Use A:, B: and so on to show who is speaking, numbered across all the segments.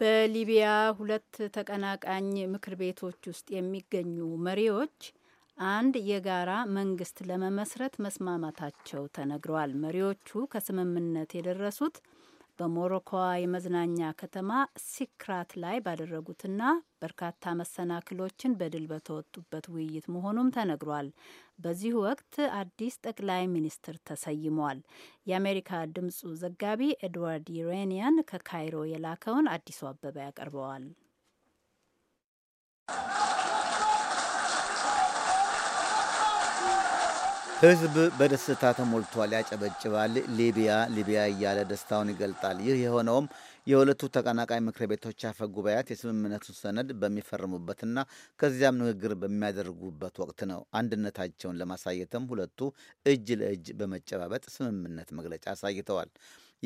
A: በሊቢያ ሁለት ተቀናቃኝ ምክር ቤቶች ውስጥ የሚገኙ መሪዎች አንድ የጋራ መንግስት ለመመስረት መስማማታቸው ተነግረዋል። መሪዎቹ ከስምምነት የደረሱት በሞሮኮዋ የመዝናኛ ከተማ ሲክራት ላይ ባደረጉትና በርካታ መሰናክሎችን በድል በተወጡበት ውይይት መሆኑም ተነግሯል። በዚህ ወቅት አዲስ ጠቅላይ ሚኒስትር ተሰይሟል። የአሜሪካ ድምጹ ዘጋቢ ኤድዋርድ ዩሬኒያን ከካይሮ የላከውን አዲሱ አበባ ያቀርበዋል።
B: ህዝብ በደስታ ተሞልቷል፣ ያጨበጭባል። ሊቢያ ሊቢያ እያለ ደስታውን ይገልጣል። ይህ የሆነውም የሁለቱ ተቀናቃይ ምክር ቤቶች አፈ ጉባኤያት የስምምነቱን ሰነድ በሚፈርሙበትና ከዚያም ንግግር በሚያደርጉበት ወቅት ነው። አንድነታቸውን ለማሳየትም ሁለቱ እጅ ለእጅ በመጨባበጥ ስምምነት መግለጫ አሳይተዋል።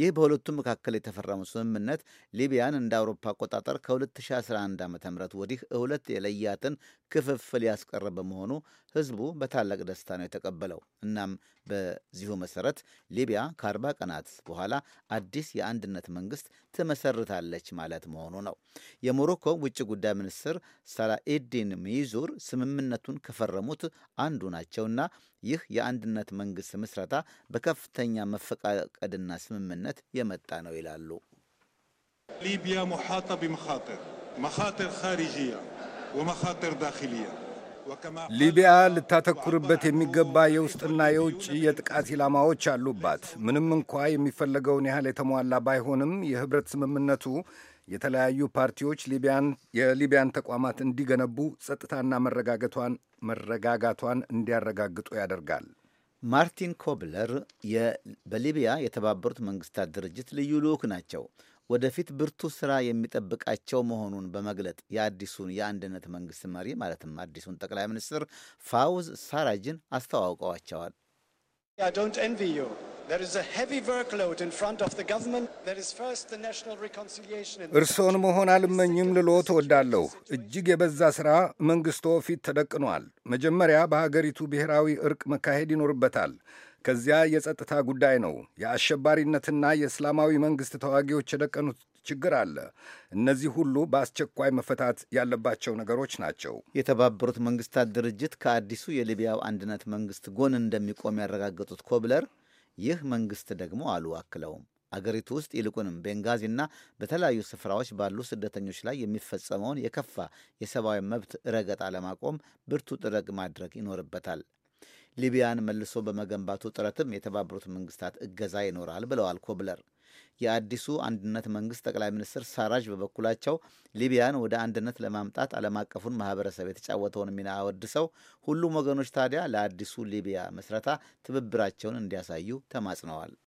B: ይህ በሁለቱም መካከል የተፈረመው ስምምነት ሊቢያን እንደ አውሮፓ አቆጣጠር ከ2011 ዓ ም ወዲህ እሁለት የለያትን ክፍፍል ያስቀረ በመሆኑ ህዝቡ በታላቅ ደስታ ነው የተቀበለው። እናም በዚሁ መሰረት ሊቢያ ከአርባ ቀናት በኋላ አዲስ የአንድነት መንግስት ትመሰርታለች ማለት መሆኑ ነው። የሞሮኮ ውጭ ጉዳይ ሚኒስትር ሳላኤዲን ሚዙር ስምምነቱን ከፈረሙት አንዱ ናቸውና ይህ የአንድነት መንግስት ምስረታ በከፍተኛ መፈቃቀድና ስምምነት የመጣ ነው ይላሉ።
C: ሊቢያ ሙሓጣ ብመኻጥር መኻጥር ኻሪጅያ ሊቢያ ልታተኩርበት የሚገባ የውስጥና የውጭ የጥቃት ኢላማዎች አሉባት። ምንም እንኳ የሚፈለገውን ያህል የተሟላ ባይሆንም የህብረት ስምምነቱ የተለያዩ ፓርቲዎች የሊቢያን ተቋማት እንዲገነቡ ጸጥታና
B: መረጋጋቷን መረጋጋቷን እንዲያረጋግጡ ያደርጋል። ማርቲን ኮብለር በሊቢያ የተባበሩት መንግስታት ድርጅት ልዩ ልዑክ ናቸው። ወደፊት ብርቱ ስራ የሚጠብቃቸው መሆኑን በመግለጥ የአዲሱን የአንድነት መንግስት መሪ ማለትም አዲሱን ጠቅላይ ሚኒስትር ፋውዝ ሳራጅን አስተዋውቀዋቸዋል።
C: እርስዎን መሆን አልመኝም ልሎ ትወዳለሁ እጅግ የበዛ ሥራ መንግሥቶ ፊት ተደቅኗል። መጀመሪያ በሀገሪቱ ብሔራዊ እርቅ መካሄድ ይኖርበታል። ከዚያ የጸጥታ ጉዳይ ነው። የአሸባሪነትና የእስላማዊ መንግሥት ተዋጊዎች የደቀኑት ችግር አለ።
B: እነዚህ ሁሉ በአስቸኳይ መፈታት ያለባቸው ነገሮች ናቸው። የተባበሩት መንግሥታት ድርጅት ከአዲሱ የሊቢያው አንድነት መንግሥት ጎን እንደሚቆም ያረጋገጡት ኮብለር ይህ መንግስት ደግሞ አሉ አክለውም አገሪቱ ውስጥ ይልቁንም ቤንጋዚና በተለያዩ ስፍራዎች ባሉ ስደተኞች ላይ የሚፈጸመውን የከፋ የሰብአዊ መብት ረገጣ ለማቆም ብርቱ ጥረት ማድረግ ይኖርበታል። ሊቢያን መልሶ በመገንባቱ ጥረትም የተባበሩት መንግስታት እገዛ ይኖራል ብለዋል ኮብለር። የአዲሱ አንድነት መንግስት ጠቅላይ ሚኒስትር ሳራጅ በበኩላቸው ሊቢያን ወደ አንድነት ለማምጣት ዓለም አቀፉን ማህበረሰብ የተጫወተውን ሚና አወድሰው ሁሉም ወገኖች ታዲያ ለአዲሱ ሊቢያ መስረታ ትብብራቸውን እንዲያሳዩ ተማጽነዋል።